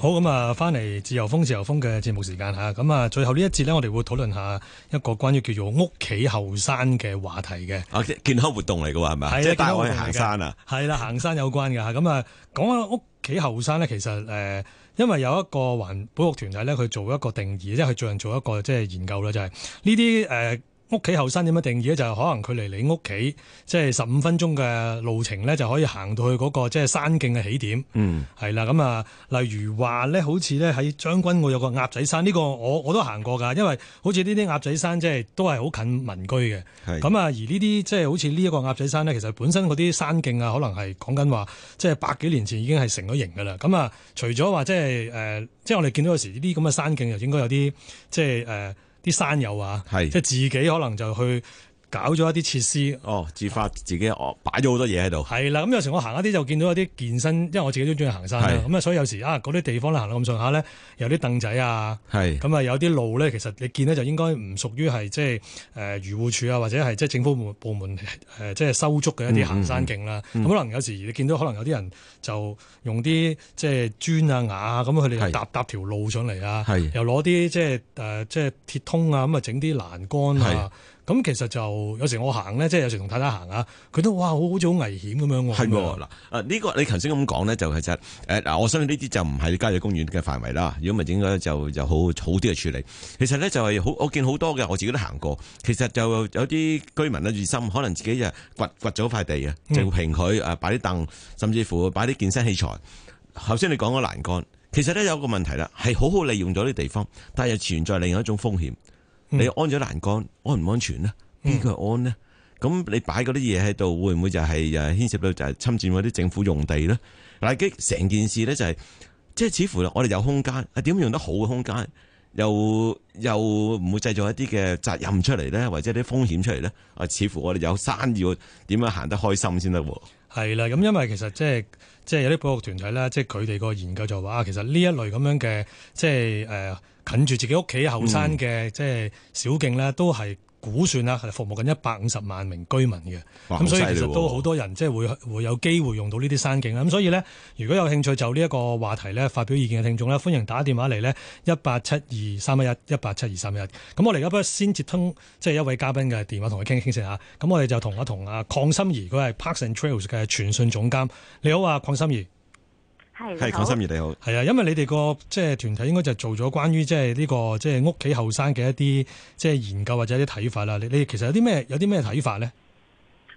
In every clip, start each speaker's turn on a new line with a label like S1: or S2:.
S1: 好咁啊，翻嚟自由風自由風嘅節目時間吓，咁啊最後呢一節咧，我哋會討論下一個關於叫做屋企後山嘅話題嘅、
S2: 啊，健康活動嚟嘅喎，係嘛？即係的帶我去行山啊？
S1: 係啦，行山有關嘅吓，咁啊講下「屋企後山咧，其實誒、呃，因為有一個環保局團體咧，佢做一個定義，即係佢最近做一個即係研究啦，就係呢啲誒。呃屋企後山點樣定義咧？就係、是、可能佢離你屋企即係十五分鐘嘅路程咧，就可以行到去、那、嗰個即係、就是、山徑嘅起點。嗯，係啦。咁、嗯、啊，例如話咧，好似咧喺將軍澳有個鴨仔山。呢、這個我我都行過噶，因為好似呢啲鴨仔山，即、就、係、是、都係好近民居嘅。咁啊是，而呢啲即係好似呢一個鴨仔山咧，其實本身嗰啲山徑啊，可能係講緊話，即、就、係、是、百幾年前已經係成咗型噶啦。咁、嗯、啊，除咗話即係誒、即、就、係、是呃就是、我哋見到有時呢啲咁嘅山徑又應該有啲即係誒。就是呃啲山友啊，即係自己可能就去。搞咗一啲設施哦，自發自己哦擺咗好多嘢喺度。係啦，咁、嗯、有時我行一啲就見到一啲健身，因為我自己都中意行山咁啊，的所以有時啊，嗰啲地方行得咁上下咧，有啲凳仔啊，係咁啊，有啲路咧，其實你見咧就應該唔屬於係即係誒漁護署啊，或者係即係政府部門部門即係、呃呃、收足嘅一啲行山徑啦。咁可能有時你見到可能有啲人就用啲即係磚啊瓦啊，咁佢哋搭搭條路上嚟啊，的又攞啲即係即係鐵通啊，咁啊整啲欄杆啊。咁其實就有時我行咧，即、就、係、是、有時同太太行啊，佢都哇，好好似好危險咁樣喎。係喎，嗱
S2: 啊呢個你頭先咁講咧，就其實誒嗱，我相信呢啲就唔係郊野公園嘅範圍啦。如果唔係，應該就就好好啲嘅處理。其實咧就係、是、好，我見好多嘅，我自己都行過。其實就有啲居民咧，熱心可能自己就掘掘咗塊地啊，就平佢擺啲凳，甚至乎擺啲健身器材。頭先、嗯、你講個欄杆，其實咧有個問題啦，係好好利用咗啲地方，但係又存在另外一種風險。你安咗欄杆，安唔安全呢？邊個安呢？咁、嗯、你擺嗰啲嘢喺度，會唔會就係誒牽涉到就係侵佔嗰啲政府用地咧？嗱、就是，即係成件事咧，就係即係似乎我哋有空間，係點用得好嘅空間？又又唔會製造一啲嘅責任出嚟咧，或者啲風險出嚟咧？啊，似乎我哋有山要點樣行得開心先得？喎，
S1: 係啦，咁因為其實即係即係有啲保護團體呢，即係佢哋個研究就話其實呢一類咁樣嘅即係誒。呃近住自己屋企後山嘅即係小徑呢、嗯、都係估算啦，係服務緊一百五十萬名居民嘅。咁哇所以其實都好多人即係會會有機會用到呢啲山徑咁、嗯、所以呢，如果有興趣就呢一個話題呢發表意見嘅聽眾呢，歡迎打電話嚟呢，一八七二三一一一八七二三一一。咁我哋而家不如先接通即係、就是、一位嘉賓嘅電話，同佢傾一傾先嚇。咁我哋就同一同啊鄺芯怡，佢係 Parks and Trails 嘅傳訊總監。你好啊，鄺芯怡。
S2: 係，鄺芯怡你好。
S1: 係啊，因為你哋個即係團體應該就做咗關於即係呢個即係屋企後生嘅一啲即係研究或者一啲睇法啦。你你其實有啲咩有啲咩睇法咧？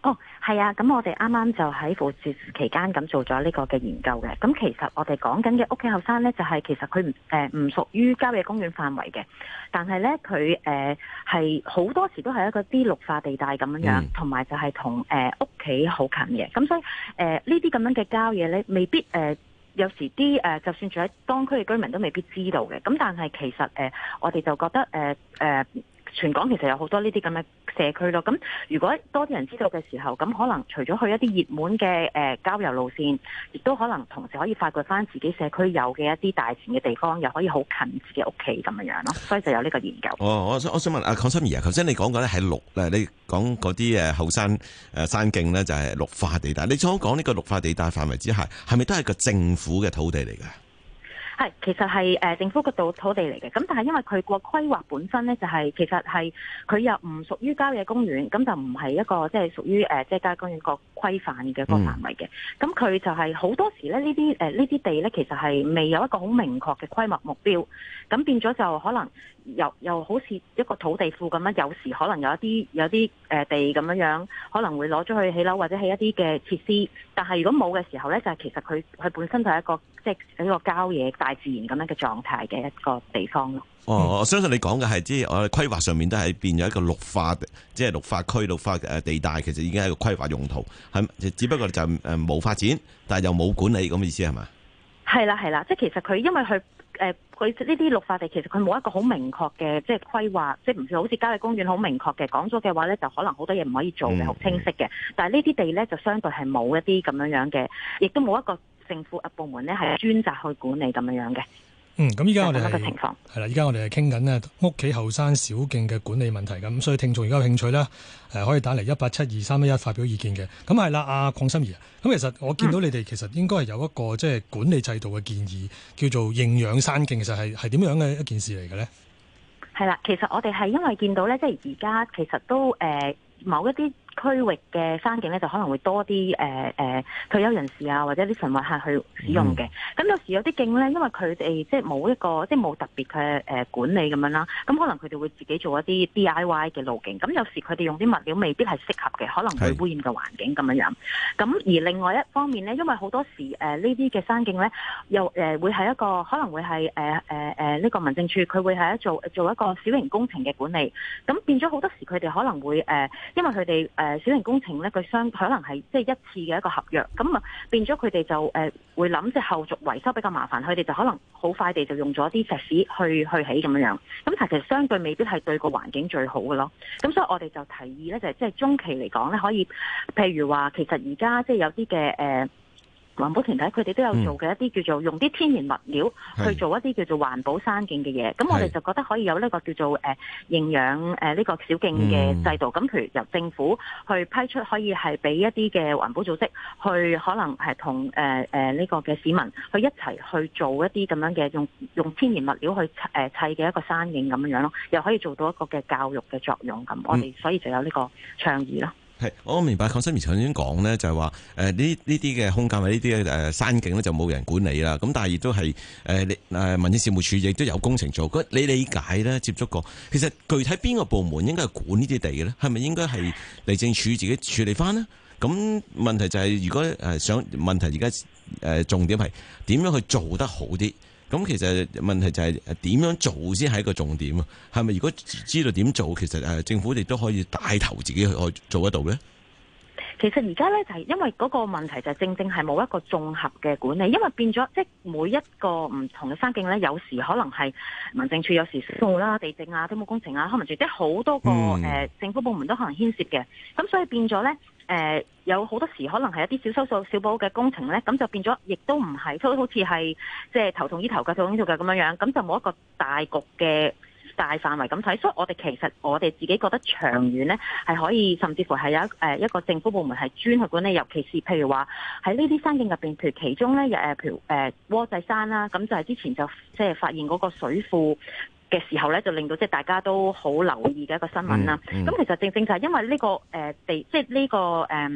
S3: 哦，係啊，咁我哋啱啱就喺復試期間咁做咗呢個嘅研究嘅。咁其實我哋講緊嘅屋企後生咧，就係其實佢唔誒唔屬於郊野公園範圍嘅，但係咧佢誒係好多時都係一個啲綠化地帶咁樣，同埋、嗯、就係同誒屋企好近嘅。咁所以誒呢啲咁樣嘅郊野咧，未必誒。呃有時啲誒，就算住喺當區嘅居民都未必知道嘅。咁但係其實誒，我哋就覺得誒、呃呃全港其實有好多呢啲咁嘅社區咯，咁如果多啲人知道嘅時候，咁可能除咗去一啲熱門嘅誒郊遊路線，亦都可能同時可以發掘翻自己社區有嘅一啲大自然嘅地方，又可以好近自己屋企咁樣囉。咯，所以就有呢個研究。
S2: 哦，我想我想問阿鄺芯怡啊，頭先你講緊咧喺綠咧，你講嗰啲誒後山誒山徑咧就係綠化地帶，你所講呢個綠化地帶範圍之下係咪都係個政府嘅土地嚟㗎？
S3: 係，其實係誒政府嗰度土地嚟嘅，咁但係因為佢個規劃本身咧、就係，就係其實係佢又唔屬於郊野公園，咁就唔係一個即係、就係、屬於誒即係郊野公園個規範嘅個範圍嘅，咁佢、嗯、就係好多時咧、呃、呢啲誒呢啲地咧，其實係未有一個好明確嘅規劃目標，咁變咗就可能又又好似一個土地庫咁樣，有時可能有一啲有啲誒地咁樣樣，可能會攞咗去起樓或者起一啲嘅設施，但係如果冇嘅時候咧，就係、是、其實佢佢本身就係一個即係喺個郊野大自然咁樣嘅狀態嘅一個地方咯。
S2: 哦，我相信你講嘅係即係我哋規劃上面都係變咗一個綠化，即係綠化區、綠化誒地帶，其實已經係一個規劃用途，係只不過就誒、是、冇、呃、發展，但係又冇管理咁嘅、那個、意思係咪？
S3: 係啦，係啦，即係其實佢因為佢誒佢呢啲綠化地其實佢冇一個好明確嘅即係規劃，即係唔算好似郊野公園好明確嘅，講咗嘅話咧就可能好多嘢唔可以做嘅，好、嗯、清晰嘅。但係呢啲地咧就相對係冇一啲咁樣樣嘅，亦都冇一個政府啊部門咧係專責去管理咁樣樣嘅。
S1: 嗯，咁依家我哋係係啦，依家我哋係傾緊屋企後山小徑嘅管理問題咁，所以聽眾而家有興趣咧，可以打嚟一八七二三一一發表意見嘅。咁係啦，阿鄺芯怡，咁其實我見到你哋其實應該係有一個即係管理制度嘅建議，嗯、叫做認養山徑，其實係係點樣嘅一件事嚟嘅呢？
S3: 係啦，其實我哋係因為見到呢，即係而家其實都誒、呃、某一啲。區域嘅山徑咧，就可能會多啲、呃呃、退休人士啊，或者啲晨運客去使用嘅。咁、嗯、有時有啲徑咧，因為佢哋即係冇一個即係冇特別嘅、呃、管理咁樣啦。咁可能佢哋會自己做一啲 DIY 嘅路徑。咁有時佢哋用啲物料未必係適合嘅，可能會污染個環境咁樣樣。咁是而另外一方面咧，因為好多時、呃、呢啲嘅山徑咧，又誒、呃、會係一個可能會係誒誒呢個民政處佢會係做做一個小型工程嘅管理。咁變咗好多時佢哋可能會誒、呃，因為佢哋。誒、呃、小型工程咧，佢相可能係即係一次嘅一個合約，咁啊變咗佢哋就誒、呃、會諗即係後續維修比較麻煩，佢哋就可能好快地就用咗啲石屎去去起咁樣樣，咁但係其實相對未必係對個環境最好嘅咯，咁所以我哋就提議咧，就係、是、即係中期嚟講咧，可以譬如話，其實而家即係有啲嘅誒。呃環保團體佢哋都有做嘅一啲叫做用啲天然物料去做一啲叫做環保山徑嘅嘢，咁我哋就覺得可以有呢個叫做誒認養誒呢個小徑嘅制度。咁譬如由政府去批出，可以係俾一啲嘅環保組織去，可能係同誒誒呢個嘅市民去一齊去做一啲咁樣嘅用用天然物料去砌誒砌嘅一個山徑咁樣樣咯，又可以做到一個嘅教育嘅作用。咁我哋所以就有呢個倡議咯。嗯
S2: 我明白，Conseny 頭先講咧就係、是、話，誒呢呢啲嘅空間或者呢啲誒山徑咧就冇人管理啦。咁但係亦都係誒誒民政事務處亦都有工程做。你理解咧？接觸過其實具體邊個部門應該係管這些地呢啲地嘅咧？係咪應該係地政處自己處理返呢？咁問題就係、是、如果誒想問題而家誒重點係點樣去做得好啲？咁其實問題就係點樣做先係一個重點啊？係咪如果知道點做，其實誒政府亦都可以帶頭自己去做得到咧？
S3: 其實而家咧就係、係、因為嗰個問題就係正正係冇一個綜合嘅管理，因為變咗即係每一個唔同嘅山徑咧，有時可能係民政處，有時掃啦地政啊、土木工程啊、康文處，即係好多個誒政府部門都可能牽涉嘅，咁所以變咗咧。誒、呃、有好多時可能係一啲小修小小補嘅工程呢，咁就變咗，亦都唔係，都好似係即係頭痛醫頭，腳痛醫腳咁樣樣，咁就冇一個大局嘅大範圍咁睇。所以我哋其實我哋自己覺得長遠呢，係可以甚至乎係有一個、呃、一個政府部門係專去管理，尤其是譬如話喺呢啲山徑入面，譬如其中呢，誒譬如、譬如、譬如、呃、窩仔山啦、啊，咁就係之前就即係發現嗰個水庫。嘅時候咧，就令到即係大家都好留意嘅一個新聞啦、嗯。咁、嗯、其實正正就係因為呢、呢個誒地、呃，即係、呢個呃、呢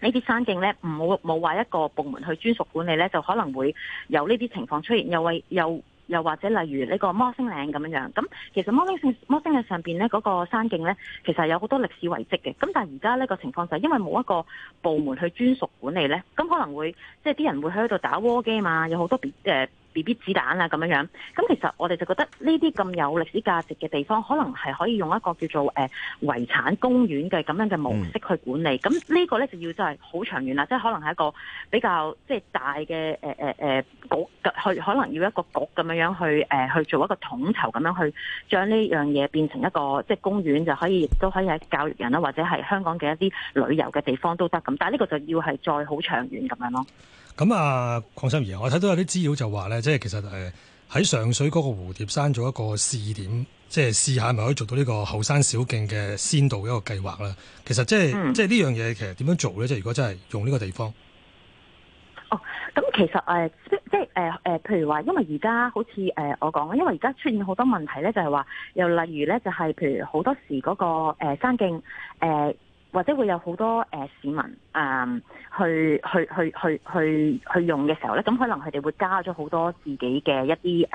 S3: 個誒呢啲山徑咧，唔冇冇話一個部門去專屬管理咧，就可能會有呢啲情況出現。又為又又或者例如呢個摩星嶺咁樣樣。咁其實摩星摩星嶺上面咧嗰、嗰個山徑咧，其實有好多歷史遺蹟嘅。咁但係而家呢、呢個情況就係因為冇一個部門去專屬管理咧，咁可能會即係啲人會喺度打窩機啊嘛，有好多別、呃 B B 子彈啊咁樣樣，咁其實我哋就覺得呢啲咁有歷史價值嘅地方，可能係可以用一個叫做誒遺、呃、產公園嘅咁樣嘅模式去管理。咁呢、嗯、個呢，就要就係好長遠啦，即係可能係一個比較即係大嘅誒誒誒局去，可能要一個局咁樣樣去誒、呃、去做一個統籌咁樣去將呢樣嘢變成一個即係公園就可以，亦都可以喺教育人啦，或者係香港嘅一啲旅遊嘅地方都得咁。但係呢個就要係再好長遠咁樣咯。
S1: 咁啊，鄺芯怡，我睇到有啲資料就話咧，即係其實喺、呃、上水嗰個蝴蝶山做一個試點，即係試下咪可以做到呢個後山小徑嘅先導一個計劃啦。其實、就是嗯、即係即係呢樣嘢其實點樣做咧？即係如果真係用呢個地方，
S3: 哦，咁其實誒、呃、即即誒、呃呃、譬如話，因為而家好似誒、呃、我講因為而家出現好多問題咧，就係、是、話又例如咧，就係、是、譬如好多時嗰、那個、呃、山徑誒。呃或者會有好多誒、呃、市民誒、呃、去去去去去去用嘅時候咧，咁可能佢哋會加咗好多自己嘅一啲誒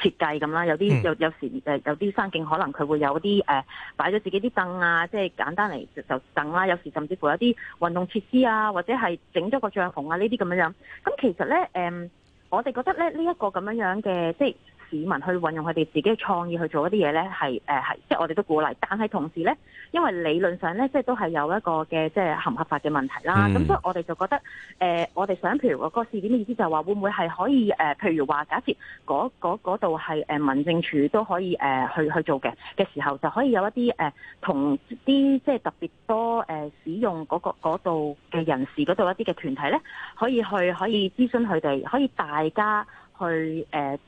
S3: 設計咁啦，有啲有有時誒、呃、有啲山徑可能佢會有啲誒擺咗自己啲凳啊，即係簡單嚟就就凳啦，有時甚至乎有啲運動設施啊，或者係整咗個帳篷啊呢啲咁樣樣。咁其實咧誒、呃，我哋覺得咧呢一、這個咁樣樣嘅即係。市民去運用佢哋自己嘅創意去做一啲嘢呢，係誒係，即係我哋都鼓勵。但係同時呢，因為理論上呢，即係都係有一個嘅即係合唔合法嘅問題啦。咁、嗯、所以我哋就覺得誒、呃，我哋想譬如嗰個試點嘅意思就係話，會唔會係可以誒、呃，譬如話假設嗰度係誒民政處都可以誒、呃、去去做嘅嘅時候，就可以有一啲誒同啲即係特別多誒、呃、使用嗰度嘅人士嗰度一啲嘅團體呢，可以去可以諮詢佢哋，可以大家去誒。呃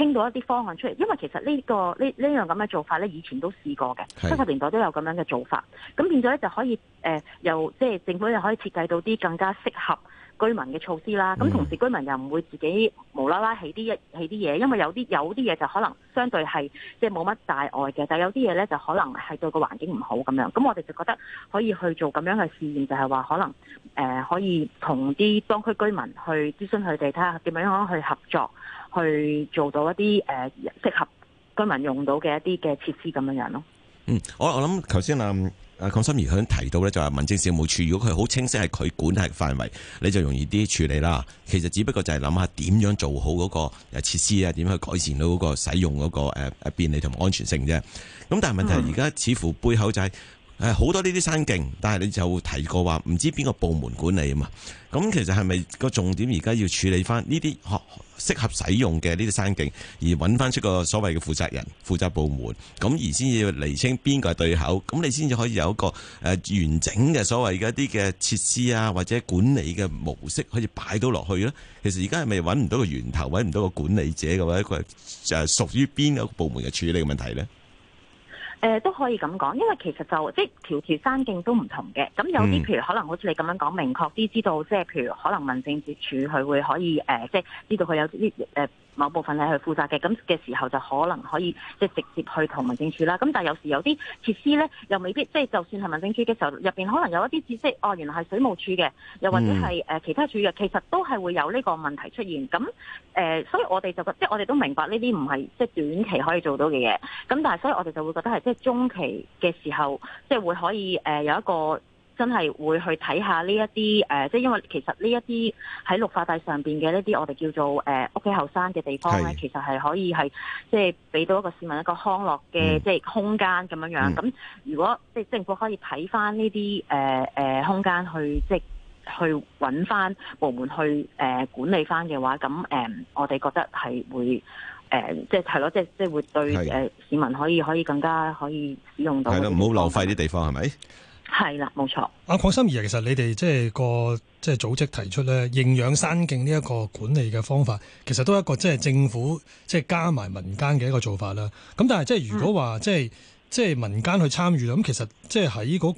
S3: 傾到一啲方案出嚟，因為其實呢個呢呢樣咁嘅做法咧，以前都試過嘅，七十年代都有咁樣嘅做法，咁變咗咧就可以誒、呃、由即係政府又可以設計到啲更加適合。居民嘅措施啦，咁同時居民又唔會自己無啦啦起啲一起啲嘢，因為有啲有啲嘢就可能相對係即係冇乜大礙嘅，但係有啲嘢咧就可能係對個環境唔好咁樣，咁我哋就覺得可以去做咁樣嘅試驗，就係話可能誒可以同啲當區居民去諮詢佢哋，睇下點樣樣去合作，去做到一啲誒適合居民用到嘅一啲嘅設施咁樣樣咯。嗯，
S2: 我我諗頭先啊。啊，鄺芯怡佢提到咧就係民政事務處，如果佢好清晰係佢管轄範圍，你就容易啲處理啦。其實只不過就係諗下點樣做好嗰個誒設施啊，點去改善到嗰個使用嗰個誒便利同埋安全性啫。咁但係問題而家似乎背後就係、是。好多呢啲山徑，但係你就提過話，唔知邊個部門管理啊嘛？咁其實係咪個重點而家要處理翻呢啲適合使用嘅呢啲山徑，而揾翻出個所謂嘅負責人、負責部門，咁而先至要釐清邊個係對口，咁你先至可以有一個誒完整嘅所謂嘅一啲嘅設施啊，或者管理嘅模式可以擺到落去咧？其實而家係咪揾唔到個源頭，揾唔到個管理者嘅或者佢屬於邊一個部門嘅處理問題咧？
S3: 誒、呃、都可以咁講，因為其實就即係條條山徑都唔同嘅。咁有啲譬如可能好似你咁樣講明確啲，知道即係譬如可能民政事處佢會可以，呃、即係知道佢有啲誒。呃某部分係去負責嘅，咁嘅時候就可能可以即係直接去同民政處啦。咁但係有時有啲設施呢，又未必即係就算係民政處嘅時候，入邊可能有一啲知識哦，原來係水務處嘅，又或者係誒其他處嘅，其實都係會有呢個問題出現。咁誒、呃，所以我哋就覺即係我哋都明白呢啲唔係即係短期可以做到嘅嘢。咁但係所以我哋就會覺得係即係中期嘅時候，即係會可以誒、呃、有一個。真係會去睇下呢一啲誒，即係因為其實呢一啲喺綠化帶上邊嘅呢啲我哋叫做誒屋企後山嘅地方咧，是的 其實係可以係即係俾到一個市民一個康樂嘅即係空間咁樣樣。咁、嗯、如果即係政府可以睇翻呢啲誒誒空間去即係去揾翻部門去誒、呃、管理翻嘅話，咁誒、呃、我哋覺得係會誒即係係咯，即係即係會對誒是的、呃、市民可以可以更加可以使用到的的。係咯，唔
S2: 好浪費啲地方係咪？是
S3: 係
S1: 啦，冇錯。啊鄺芯怡啊，其實你哋即係個即係組織提出咧，認養山徑呢一個管理嘅方法，其實都係一個即係政府即係加埋民間嘅一個做法啦。咁但係即係如果話即係即係民間去參與，咁其實即係喺嗰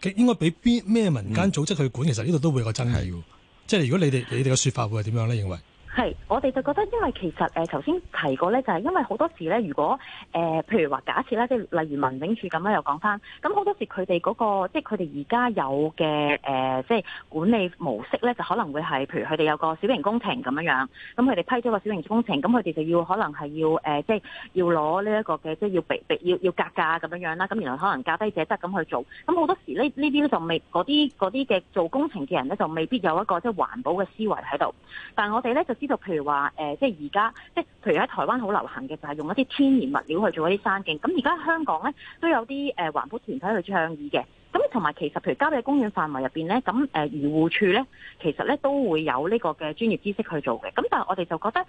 S1: 個應該俾邊咩民間組織去管？其實呢度都會有個爭議。即係的如果你哋你哋嘅說法會係點樣咧？認為？
S3: 係，我哋就覺得，因為其實誒頭先提過咧，就係、是、因為好多時咧，如果誒、呃、譬如話假設咧、那個，即係例如民政處咁啦，又講翻，咁好多時佢哋嗰個即係佢哋而家有嘅誒，即係管理模式咧，就可能會係譬如佢哋有個小型工程咁樣樣，咁佢哋批咗個小型工程，咁佢哋就要可能係要即係要攞呢一個嘅，即係要俾、這個，要要，要格價咁樣樣啦，咁然後可能價低者得咁去做，咁好多時呢呢啲咧就未嗰啲嗰啲嘅做工程嘅人咧，就未必有一個即係環保嘅思維喺度，但我哋咧就知。就譬如話誒，即係而家，即係譬如喺台灣好流行嘅就係用一啲天然物料去做一啲山徑。咁而家香港咧都有啲誒環保團體去倡議嘅。咁同埋其實，譬如郊野公園範圍入邊咧，咁誒漁護處咧，其實咧都會有呢個嘅專業知識去做嘅。咁但係我哋就覺得，誒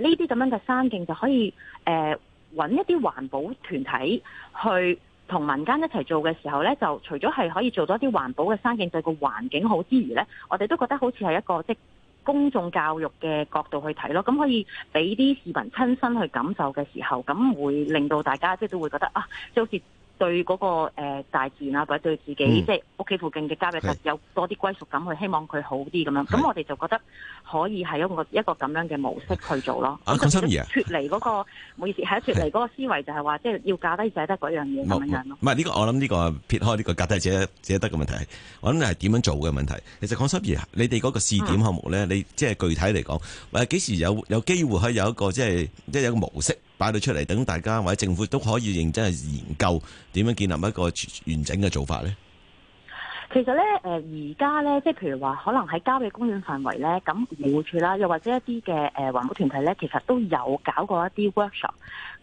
S3: 呢啲咁樣嘅山徑就可以，誒揾一啲環保團體去同民間一齊做嘅時候咧，就除咗係可以做咗一啲環保嘅山徑，對個環境好之餘咧，我哋都覺得好似係一個即。公眾教育嘅角度去睇咯，咁可以俾啲市民親身去感受嘅時候，咁會令到大家即係都會覺得啊，即好似。對嗰個大自然啊，或者對自己，嗯、即係屋企附近嘅家嘅，是有多啲歸屬感去，希望佢好啲咁樣。咁是我哋就覺得可以係一個一個咁樣嘅模式去做咯。
S2: 啊，芯怡啊，脫
S3: 離嗰個，唔好意思，係脫離嗰個思維，就係話即係要價低者得嗰樣嘢咁沒樣樣咯。
S2: 唔係呢個，我諗呢、這個撇開呢、這個價低者者得嘅問題，我諗你係點樣做嘅問題。其實鄺芯怡，你哋嗰個試點項目咧，啊、你即係具體嚟講，誒幾時有有機會可以有一個即係即係一個模式？帶到出嚟，等大家或者政府都可以認真去研究，點樣建立一個完整嘅做法呢？
S3: 其實呢，誒而家呢，即係譬如話，可能喺郊野公園範圍呢，咁漁護處啦，又或者一啲嘅誒環保團體呢，其實都有搞過一啲 workshop，、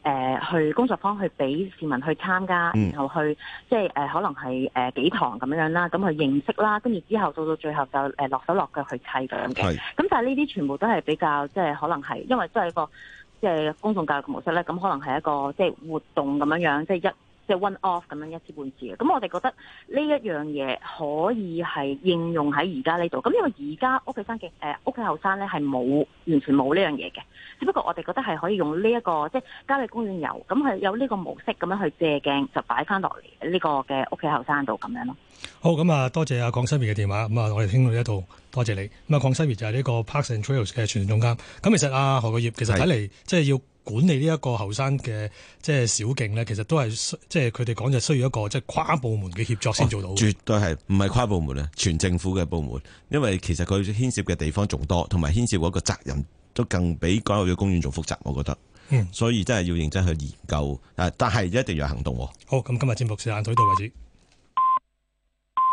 S3: 呃、去工作坊去俾市民去參加，嗯、然後去即係、呃、可能係誒、呃、幾堂咁樣啦，咁去認識啦，跟住之後到到最後就誒落手落腳去砌咁樣咁是 但係呢啲全部都係比較即係、呃、可能係，因為都係一個。即係公眾教育嘅模式咧，咁可能係一個即係活動咁樣樣，即係一，即係 one off 咁樣一次半次嘅，咁我哋覺得呢一樣嘢可以係應用喺而家呢度，咁因為而家屋企生嘅誒屋企後生咧係冇完全冇呢樣嘢嘅，只不過我哋覺得係可以用呢一個即係郊野公園遊，咁係有呢個模式咁樣去借鏡，就擺翻落嚟呢個嘅屋企後生度咁樣咯。
S1: 好，咁啊多謝啊鄺芯怡嘅電話，咁啊我哋聽到呢一度多謝你，咁啊鄺芯怡就係呢個 Parks and Trails 嘅傳訊總監，咁其實啊何國業其實睇嚟是即係要。管理呢一個後生嘅即係小徑咧，其實都係即係佢哋講就需要一個即係跨部門嘅協作先做到，哦。絕
S2: 對係唔係跨部門啊？全政府嘅部門，因為其實佢牽涉嘅地方仲多，同埋牽涉嗰個責任都更比郊野公園仲複雜，我覺得。嗯、所以真係要認真去研究，但係一定要行動。好，
S1: 咁今日節目時間到此為止。